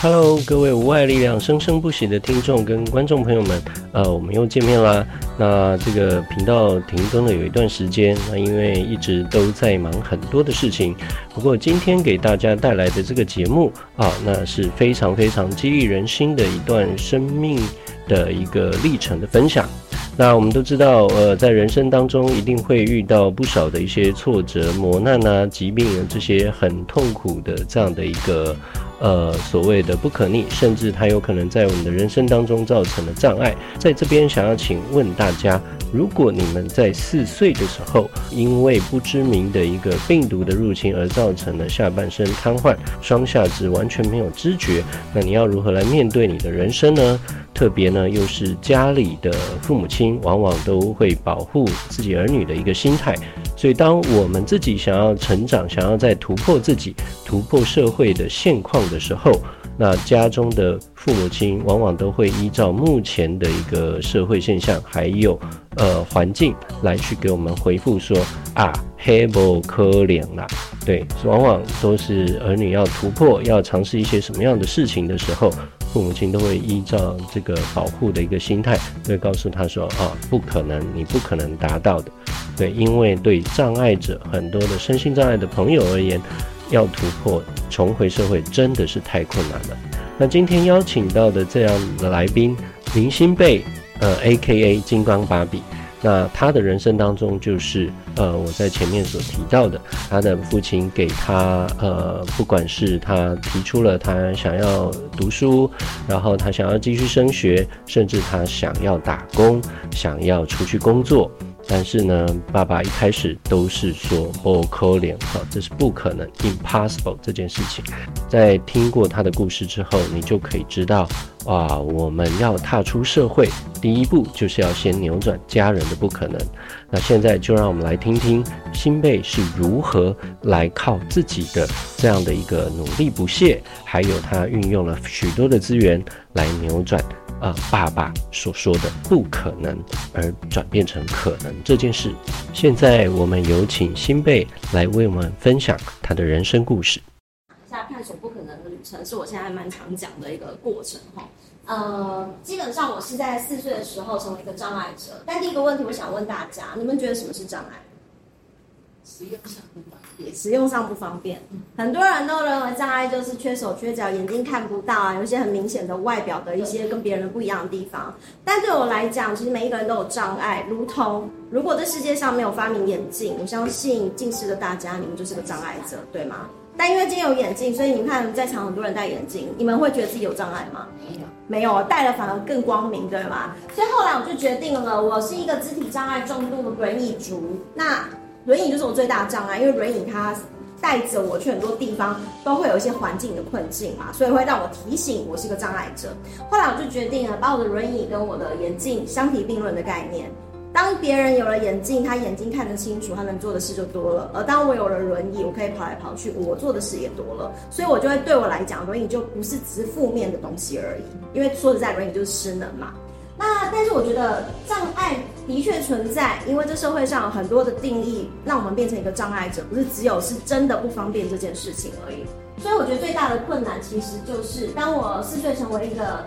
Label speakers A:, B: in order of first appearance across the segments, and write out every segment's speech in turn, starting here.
A: 哈嘍，各位無礙力量生聲不息的聽眾跟觀眾朋友們，呃，我們又見面啦。那這個頻道停更了有一段時間，那因為一直都在忙很多的事情。不過今天給大家帶來的這個節目啊，那是非常非常激勵人心的一段生命的一個歷程的分享。那我們都知道，呃，在人生當中一定會遇到不少的一些挫折、磨難啊、疾病啊這些很痛苦的這樣的一個。呃，所謂的不可逆，甚至它有可能在我們的人生當中造成了障礙。在這邊想要請問大家，如果你們在四歲的時候，因為不知名的一個病毒的入侵而造成了下半身癱瘓，雙下肢完全沒有知覺，那你要如何來面對你的人生呢？特別呢，又是家裡的父母親往往都會保護自己兒女的一個心態。所以，當我們自己想要成長，想要在突破自己、突破社會的現況的時候，那家中的。父母親往往都會依照目前的一個社會現象，還有呃環境來去給我們回復說啊 h e 可憐啦，對，往往都是兒女要突破，要嘗試一些什麼樣的事情的時候，父母親都會依照這個保護的一個心態，會告訴他說啊，不可能，你不可能達到的，對，因為對障礙者，很多的身心障礙的朋友而言，要突破重回社會真的是太困難了。那今天邀請到的這樣的來賓，林欣蓓，呃，AKA 金剛芭比。那他的人生當中，就是呃，我在前面所提到的，他的父親給他，呃，不管是他提出了他想要讀書，然後他想要繼續升學，甚至他想要打工，想要出去工作。但是呢，爸爸一開始都是說不可能，哈，這是不可能，impossible 這件事情。在聽過他的故事之後，你就可以知道，哇，我們要踏出社會，第一步就是要先扭轉家人的不可能。那現在就讓我們來聽聽欣蓓是如何來靠自己的這樣的一個努力不懈，還有他運用了許多的資源來扭轉。呃，爸爸所說的不可能，而轉變成可能這件事。現在我們有請欣蓓來為我們分享他的人生故事。
B: 現在探索不可能的旅程是我現在還蠻常講的一個過程、哦、呃，基本上我是在四歲的時候成為一個障礙者。但第一個問題，我想問大家，你們覺得什麼是障礙？一個想也使用上不方便，很多人都認為障礙就是缺手缺腳，眼睛看不到啊，有一些很明顯的外表的一些跟別人不一樣的地方。但對我來講，其實每一個人都有障礙，如同如果這世界上沒有發明眼鏡，我相信近視的大家，你們就是個障礙者，對嗎？但因為今天有眼鏡，所以你看在場很多人戴眼鏡，你們會覺得自己有障礙嗎？沒有，沒有，戴了反而更光明，對嗎？所以後來我就決定了，我是一個肢體障礙重度的輪椅族。那。輪椅就是我最大的障礙，因為輪椅它帶着我去很多地方，都會有一些環境的困境嘛，所以會讓我提醒我是一個障礙者。後來我就決定了，把我的輪椅跟我的眼鏡相提並論的概念。當別人有了眼鏡，他眼睛看得清楚，他能做的事就多了；而當我有了輪椅，我可以跑來跑去，我做的事也多了。所以，我就會對我來講，輪椅就不是只負面的東西而已。因為說實在，輪椅就是失能嘛。那但是我覺得障礙的確存在，因為這社會上有很多的定義讓我們變成一個障礙者，不是只有是真的不方便這件事情而已。所以我覺得最大的困難其實就是當我四歲成為一個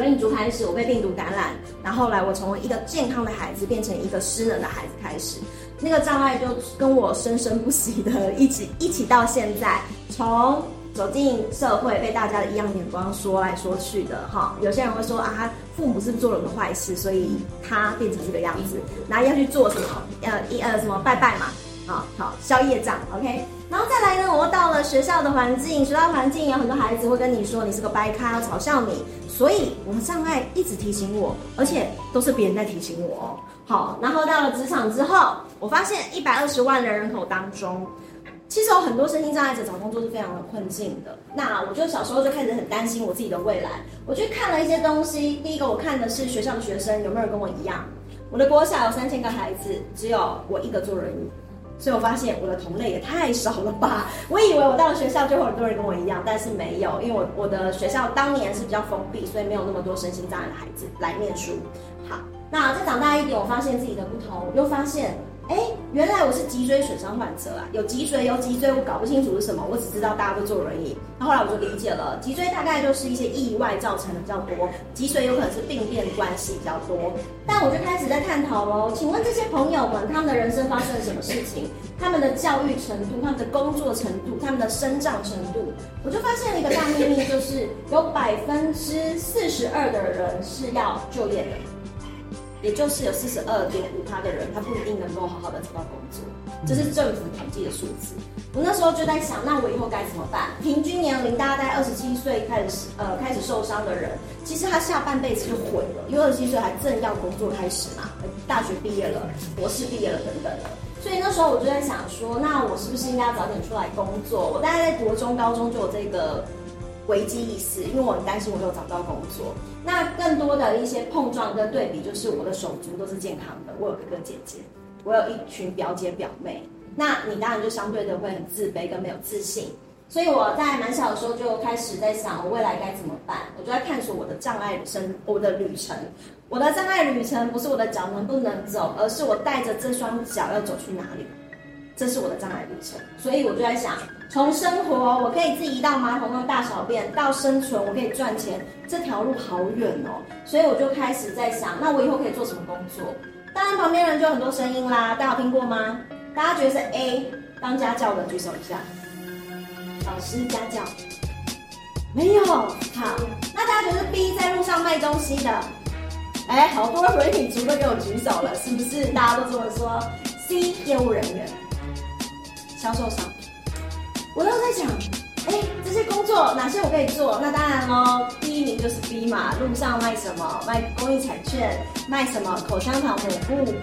B: 輪椅族開始，我被病毒感染，然後來我成為一個健康的孩子變成一個失能的孩子開始，那個障礙就跟我生生不息的一起一起到現在，從走進社會被大家的異樣眼光說來說去的哈，有些人會說啊。父母是做了什麼壞事，所以他變成這個樣子，然後要去做什麼？呃一呃什麼拜拜嘛，啊好消業障 OK 然後再來呢，我又到了學校的環境，學校環境有很多孩子會跟你說，你是個掰咖，要嘲笑你，所以我的障礙一直提醒我，而且都是別人在提醒我。好，然後到了職場之後，我發現一百二十萬的人口當中。其實有很多身心障礙者找工作是非常的困境的。那我就小時候就開始很擔心我自己的未來，我去看了一些東西，第一個我看的是學校的學生有沒有人跟我一樣。我的國小有三千個孩子，只有我一個坐輪椅，所以我發現我的同類也太少了吧。我以為我到了學校就會很多人跟我一樣，但是沒有，因為我我的學校當年是比較封閉，所以沒有那麼多身心障礙的孩子來念書。好，那再長大一點，我發現自己的不同，我又發現。哎，原來我是脊椎損傷患者啊，有脊髓，有脊椎，我搞不清楚是什麼，我只知道大家都坐輪椅。那後，後來我就理解了，脊椎大概就是一些意外造成的比較多，脊髓有可能是病變關係比較多。但我就開始在探討嘍，請問這些朋友們，他們的人生發生了什麼事情？他們的教育程度，他們的工作程度，他們的生長程度，我就發現了一個大秘密，就是有百分之四十二的人是要就業的。也就是有四十二點五趴的人，他不一定能夠好好的找到工作，這是政府統計的數字。我那時候就在想，那我以後該怎麼辦？平均年齡，大概在二十七歲開始，呃，開始受傷的人，其實他下半輩子就毀了，因為二十七歲還正要工作開始嘛，大學畢業了，博士畢業了等等。所以那時候我就在想說，那我是不是應該要早點出來工作？我大概在國中、高中就有這個。危機意識，因為我很擔心我沒有找到工作。那更多的一些碰撞跟對比，就是我的手足都是健康的，我有哥哥姐姐，我有一群表姐表妹。那你當然就相對的會很自卑跟沒有自信。所以我大概蠻小的時候就開始在想，我未來該怎麼辦？我就在探索我的障礙人生，我的旅程，我的障礙旅程不是我的腳能不能走，而是我帶着這雙腳要走去哪裡。這是我的障礙路程，所以我就在想，從生活我可以自己移到馬桶上大小便，到生存我可以賺錢，這條路好遠哦。所以我就開始在想，那我以後可以做什麼工作？當然，旁邊人就有很多聲音啦。大家有聽過嗎？大家覺得是 A 當家教的舉手一下，老師家教沒有？好，那大家覺得是 B 在路上賣東西的？哎，好多回底族都給我舉手了，是不是？大家都覺得說 C 業務人員。銷售商，我都在想，哎，這些工作哪些我可以做？那當然嘍，第一名就是 B 嘛，路上賣什麼，賣公益彩券，賣什麼口香糖美、抹、嗯、布。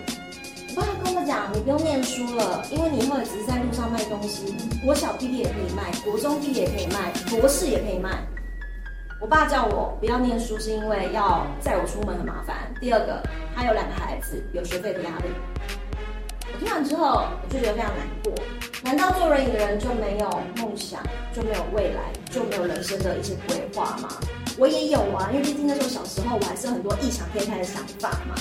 B: 我爸跟我講，你不用念書了，因為你以後也只是在路上賣東西。國小弟弟也可以賣，國中弟弟也可以賣，博士也可以賣。我爸叫我不要念書，是因為要載我出門很麻煩。第二個，他有兩個孩子，有學費的壓力。我聽完之後，我就覺得非常難過。難道做人影的人就沒有夢想，就沒有未來，就沒有人生的一些規劃嗎？我也有啊，因為畢竟那時候小時候，我還是有很多異想天開的想法嘛。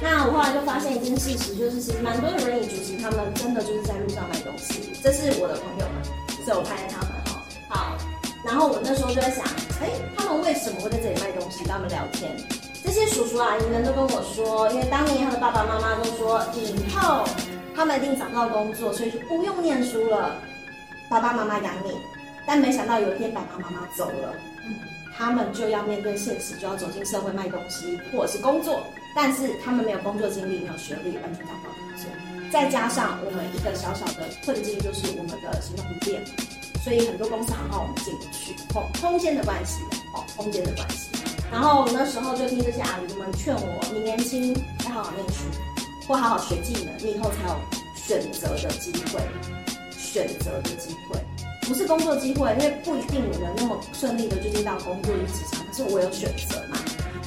B: 那我後來就發現一件事實，就是其實蠻多的人影主持，他們真的就是在路上賣東西。這是我的朋友們，所以我拍了他們哦。好，然後我那時候就在想，誒，他們為什麼會在這裡賣東西？跟他們聊天，這些叔叔阿姨們都跟我說，因為當年他的爸爸媽媽都說以後。嗯哦他們一定找不到工作，所以就不用念書了。爸爸媽媽養你，但沒想到有一天爸爸媽媽走了，嗯，他們就要面對現實，就要走進社會賣東西或者是工作。但是他們沒有工作經歷，沒有學歷，完全找不到工作。再加上我們一個小小的困境就是我們的行動不便，所以很多公司好好我們進不去。空空間的關係，哦，空間的關係。然後我們那時候就聽這些阿姨們勸我：你年輕，要好好念書。或好好學技能，你以後才有選擇的機會。選擇的機會，不是工作機會，因為不一定我能那麼順利的就進到工作裡職場。可是我有選擇嘛。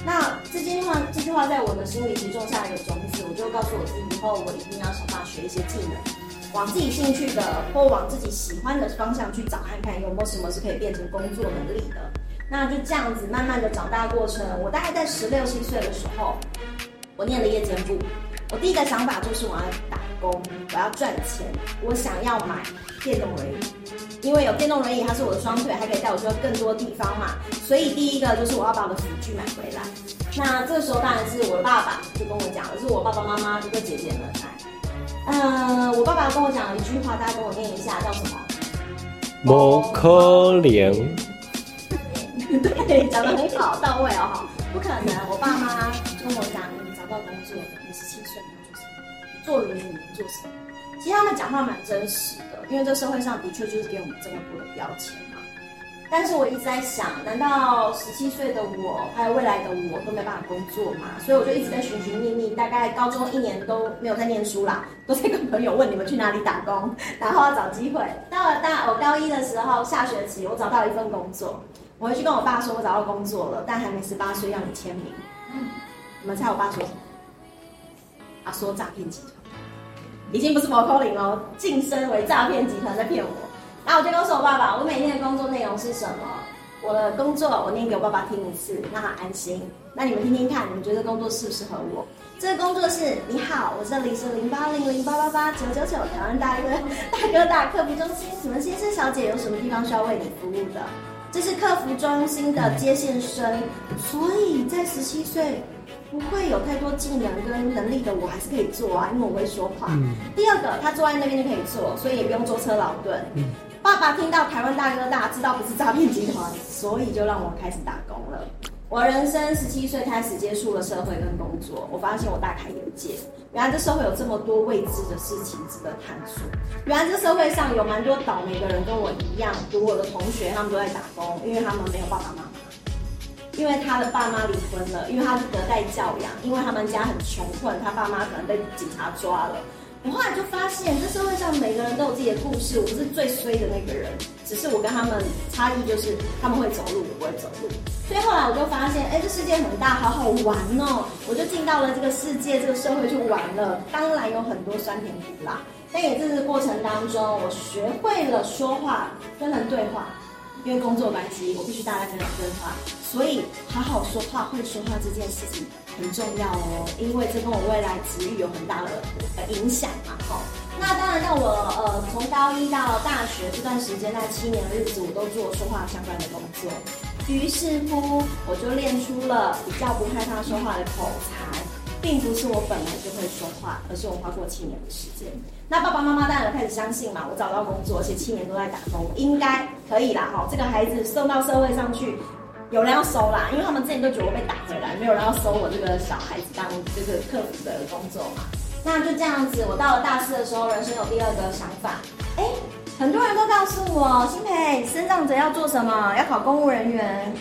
B: 那這句話，這句話在我的心裡已經種下一個種子，我就會告訴我自己，以後我一定要想辦法學一些技能，往自己興趣的或往自己喜歡的方向去找看看，有沒有什麼是可以變成工作能力的。那就這樣子，慢慢的長大過程。我大概在十六七歲的時候，我念了夜間部。我第一個想法就是我要打工，我要賺錢，我想要買電動輪椅，因為有電動輪椅，它是我的雙腿，還可以帶我去更多地方嘛。所以第一個就是我要把我的輔具買回來。那這個時候當然是我的爸爸就跟我講，而是我爸爸媽媽哥哥姐姐們來嗯，我爸爸跟我講了一句話，大家跟我念一下，叫什麼？
A: 不可能。
B: 對，講得很好到位哦、喔、 不可能，我爸媽跟我講。工作的你十七歲你要、就是、做什麼？做輪椅你要做什麼？其實他們講話蠻真實的，因為這社會上的確就是給我們這麼多的標籤嘛。但是我一直在想，難道十七歲的我，還有未來的我，都沒辦法工作嗎？所以我就一直在尋尋覓覓。大概高中一年都沒有在念書啦，都在跟朋友問你們去哪裡打工，然後要找機會。到了大我高一的時候，下學期我找到一份工作，我回去跟我爸說我找到工作了，但還沒十八歲，要你簽名。嗯，你們猜我爸說什麼？他、啊、說：“詐騙集團已經不是摩柯林了，晉升為詐騙集團在騙我。”那我就告訴我爸爸，我每天的工作內容是什麼？我的工作，我念給我爸爸聽一次，讓他安心。那你們聽聽看，你們覺得工作適不適合我？這個工作是：你好，我這裡是零八零零八八八九九九台灣大哥大哥大客服中心，請問先生小姐有什麼地方需要為你服務的？這是客服中心的接線生，所以在十七歲。不會有太多技能跟能力的，我還是可以做啊，因為我會說話。嗯、第二個，他坐在那邊就可以做，所以也不用坐車勞頓，嗯。爸爸聽到台灣大哥大，知道不是詐騙集團，所以就讓我開始打工了。我人生十七歲開始接觸了社會跟工作，我發現我大開眼界，原來這社會有這麼多未知的事情值得探索。原來這社會上有蠻多倒霉的人跟我一樣，讀我的同學他們都在打工，因為他們沒有爸爸媽媽。因為他的爸媽離婚了，因為他是隔代教養，因為他們家很窮困，他爸媽可能被警察抓了。我後來就發現，這社會上每個人都有自己的故事，我不是最衰的那個人，只是我跟他們差異就是他們會走路，我不會走路。所以後來我就發現，哎，這世界很大，好好玩哦！我就進到了這個世界，這個社會去玩了，當然有很多酸甜苦辣，但也這個過程當中，我學會了說話，跟人對話。因為工作關係，我必須大量跟人對話，所以好好說話、會說話這件事情很重要哦。因為這跟我未來職業，有很大的影響嘛。哈，那當然，在我呃從高一到大學這段時間那七年的日子，我都做說話相關的工作，於是乎我就練出了比較不害怕說話的口才。並不是我本來就會說話，而是我花過七年的時間。那爸爸媽媽當然開始相信嘛，我找到工作，而且七年都在打工，應該可以啦。哈、喔，這個孩子送到社會上去，有人要收啦，因為他們之前都覺得我被打回來，沒有人要收我這個小孩子當就是客服的工作嘛。那就這樣子，我到了大四的時候，人生有第二個想法，哎、欸，很多人都告訴我，欣蓓，身障者要做什麼？要考公務人員，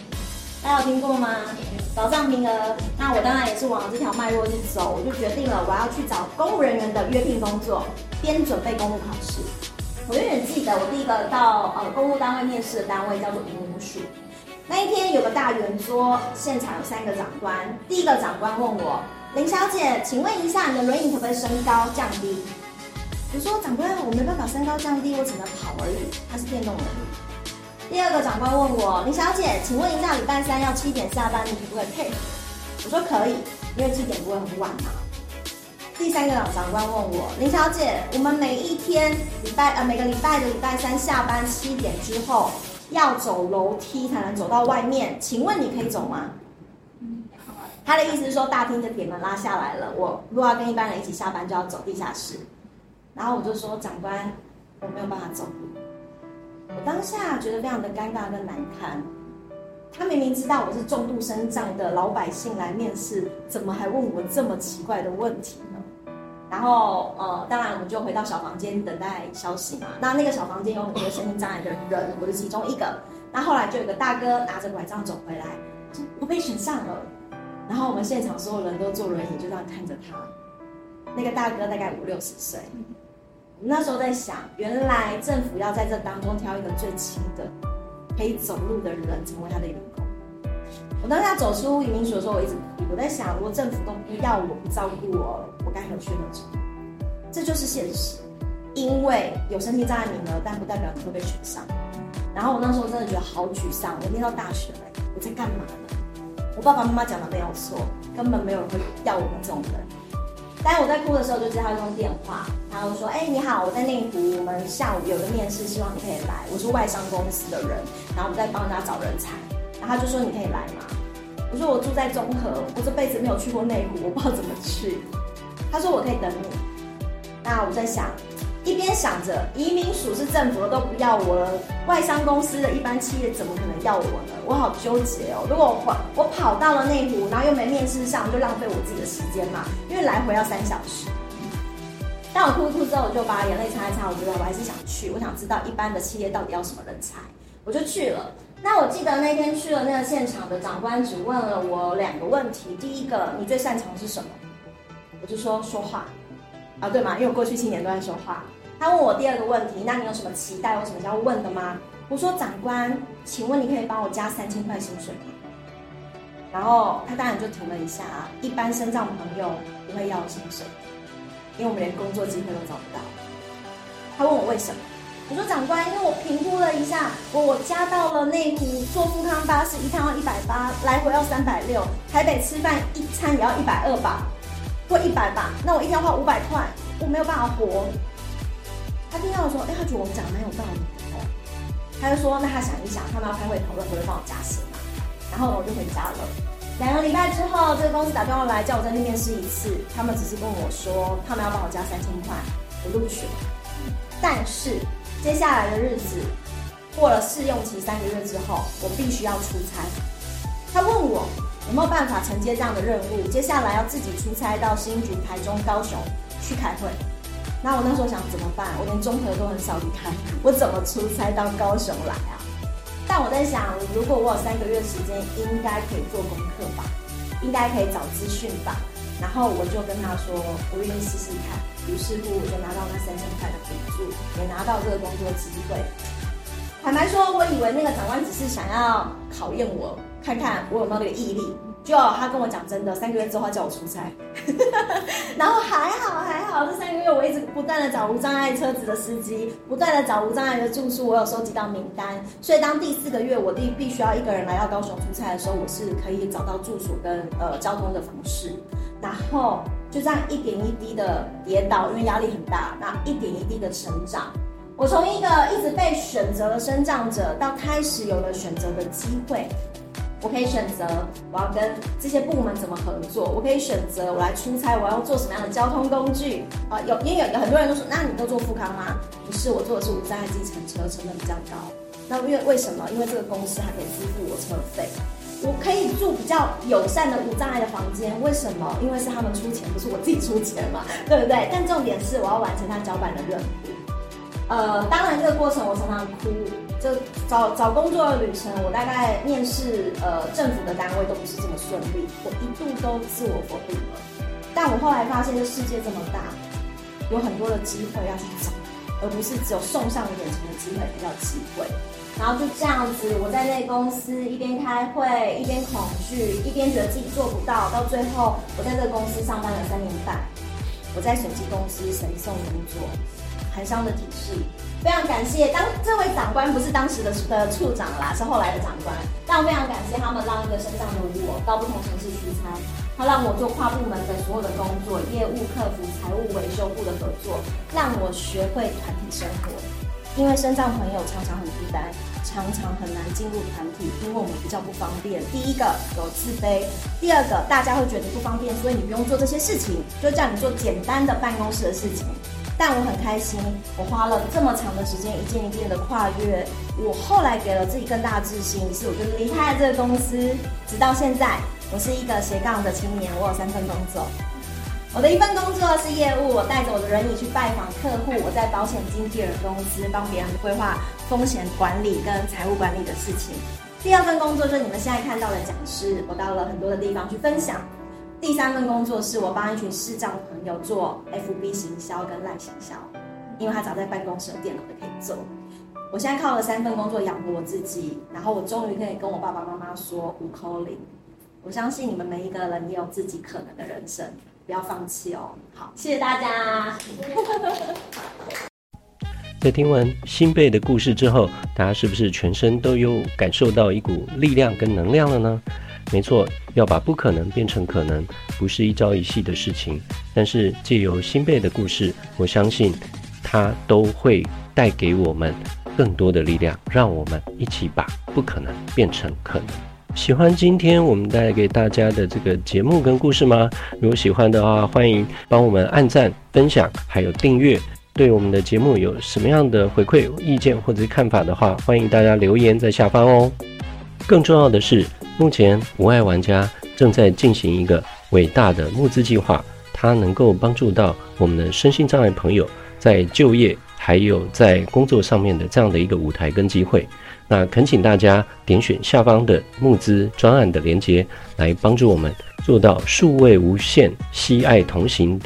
B: 大家有聽過嗎？保障名額，那我當然也是往這條脈絡去走，我就決定了我要去找公務人員的約聘工作，邊準備公務考試。我永遠記得我第一個到呃公務單位面試的單位叫做移民署，那一天有個大圓桌，現場有三個長官。第一個長官問我，林小姐，請問一下你的輪椅可不可以升高降低？我說長官，我沒辦法升高降低，我只能跑而已。它是電動輪椅。第二個長官問我林小姐，請問一下禮拜三要七點下班，你可不可以配合？我說可以，因為七點不會很晚嘛、啊。第三個長官問我林小姐，我們每一天禮拜呃每個禮拜的禮拜三下班七點之後要走樓梯才能走到外面，請問你可以走嗎？他的意思是說大廳的鐵門拉下來了，我如果要跟一般人一起下班就要走地下室，然後我就說長官，我沒有辦法走。我當下覺得非常的尷尬跟難堪，他明明知道我是重度身障的老百姓來面試，怎麼還問我這麼奇怪的問題呢？然後，呃，當然我們就回到小房間等待消息嘛。那那個小房間有很多身心障礙的人，我是其中一個。那後來就有個大哥拿着拐杖走回來，說：“我被選上了。”然後我們現場所有人都坐輪椅就這樣看着他。那個大哥大概五六十歲。那時候在想，原來政府要在這當中挑一個最輕的，可以走路的人成為他的員工。我當下走出移民署的時候，我一直我在想，如果政府都不要我不，不照顧我，我該何去何從？這就是現實，因為有身體障礙名額，但不代表你會被選上。然後我那時候真的覺得好沮喪，我念到大學、欸，我在幹嘛呢？我爸爸媽媽講的沒有錯，根本沒有人會要我們這種人。但是我在哭的時候，就接到一通電話。然後說：“哎、欸，你好，我在內湖，我們下午有個面試，希望你可以來。我是外商公司的人，然後我們在幫人家找人才。然後他就說你可以來嗎？我說我住在中和，我這輩子沒有去過內湖，我不知道怎麼去。他說我可以等你。那我在想，一邊想着移民署是政府都不要我了，外商公司的一般企業怎麼可能要我呢？我好糾結哦。如果我跑我,我跑到了內湖，然後又沒面試上，就浪費我自己的時間嘛，因為來回要三小時。”當我哭哭之後，我就把眼淚擦一擦。我覺得我還是想去，我想知道一般的企業到底要什麼人才，我就去了。那我記得那天去了那個現場的長官，只問了我兩個問題。第一個，你最擅長的是什麼？我就說說話。啊，對嘛，因為我過去七年都在說話。他問我第二個問題，那你有什麼期待，有什麼要問的嗎？我說長官，請問你可以幫我加三千塊薪水嗎？然後他當然就停了一下。一般身障朋友不會要薪水。因為我們連工作機會都找不到，他問我為什麼？我說長官，因為我評估了一下，我我加到了內湖，坐復康巴士，一趟要一百八，來回要三百六，台北吃飯一餐也要一百二吧，或一百吧，那我一天要花五百塊，我沒有辦法活。他聽到我說，哎，他覺得我們講的蠻有道理，他就說，那他想一想，他們要開會討論，會不會幫我加薪嘛？然後我就回家了。兩個禮拜之後，這個公司打電話來叫我再去面試一次。他們只是跟我說，他們要幫我加三千塊，我錄取了。但是接下來的日子，過了試用期三個月之後，我必須要出差。他問我有沒有辦法承接這樣的任務，接下來要自己出差到新竹、台中、高雄去開會。那我那時候想怎麼辦？我連中和都很少離開，我怎麼出差到高雄來啊？但我在想，如果我有三個月時間，應該可以做功課吧，應該可以找資訊吧。然後我就跟他說，我願意試試看。於是乎，我就拿到那三千塊的補助，也拿到這個工作機會。坦白說，我以為那個長官只是想要考驗我，看看我有沒有那個毅力。就他跟我講真的，三個月之後他叫我出差， 然後還好還好，這三個月我一直不斷的找無障礙車子的司機，不斷的找無障礙的住宿，我有收集到名單，所以當第四個月我弟必須要一個人來到高雄出差的時候，我是可以找到住所跟呃交通的方式，然後就這樣一點一滴的跌倒，因為壓力很大，那一點一滴的成長，我從一個一直被選擇的身障者，到開始有了選擇的機會。我可以選擇，我要跟這些部門怎麼合作？我可以選擇，我來出差，我要做什麼樣的交通工具？啊、呃，有因為有，有很多人都說，那你都坐復康嗎？不是，我坐的是無障礙計程車，成本比較高。那為為什麼？因為這個公司還可以支付我車費，我可以住比較友善的無障礙的房間。為什麼？因為是他們出錢，不是我自己出錢嘛，對不對？但重點是，我要完成他交辦的任務。呃，當然這個過程我常常哭。就找找工作的旅程，我大概面試呃政府的單位都不是這麼順利，我一度都自我否定了。但我後來發現，這世界這麼大，有很多的機會要去找，而不是只有送上眼前的機會比較機會。然後就這樣子，我在那公司一邊開會，一邊恐懼，一邊覺得自己做不到。到最後，我在這個公司上班了三年半，我在審計公司神送工作，很窗的體系非常感謝當這位長官不是當時的的處長啦，是後來的長官。但我非常感謝他們，讓一個身障的我到不同城市出差，他讓我做跨部門的所有的工作，業務、客服、財務、維修部的合作，讓我學會團體生活。因為身障朋友常常很孤單，常常很難進入團體，因為我們比較不方便。第一個有自卑，第二個大家會覺得不方便，所以你不用做這些事情，就叫你做簡單的辦公室的事情。但我很開心，我花了這麼長的時間，一件一件的跨越。我後來給了自己更大自信，於是我就離開了這個公司。直到現在，我是一個斜槓的青年，我有三份工作。我的一份工作是業務，我帶着我的輪椅去拜訪客戶，我在保險經紀人公司幫別人規劃風險管理跟財務管理的事情。第二份工作就是你們現在看到的講師，我到了很多的地方去分享。第三份工作是我幫一群視障朋友做 FB 行銷跟 Line 行銷，因為他早在辦公室有電腦就可以做。我現在靠了三份工作養活我自己，然後我終於可以跟我爸爸媽媽說無可能。我相信你們每一個人也有自己可能的人生，不要放棄哦。好，謝謝大家。
A: 在聽完欣蓓的故事之後，大家是不是全身都有感受到一股力量跟能量了呢？沒錯，要把不可能變成可能，不是一朝一夕的事情。但是借由欣蓓的故事，我相信，它都會帶給我們更多的力量，讓我們一起把不可能變成可能。喜歡今天我們帶來給大家的這個節目跟故事嗎？如果喜歡的話，歡迎幫我們按讚、分享，還有訂閱。對我們的節目有什麼樣的回饋意見或者看法的話，歡迎大家留言在下方哦。更重要的是。目前無礙玩家正在進行一個偉大的募資計劃，它能夠幫助到我們的身心障礙朋友在就業還有在工作上面的這樣的一個舞台跟機會。那懇請大家點選下方的募資專案的鏈接，來幫助我們做到數位無限，攜礙同行。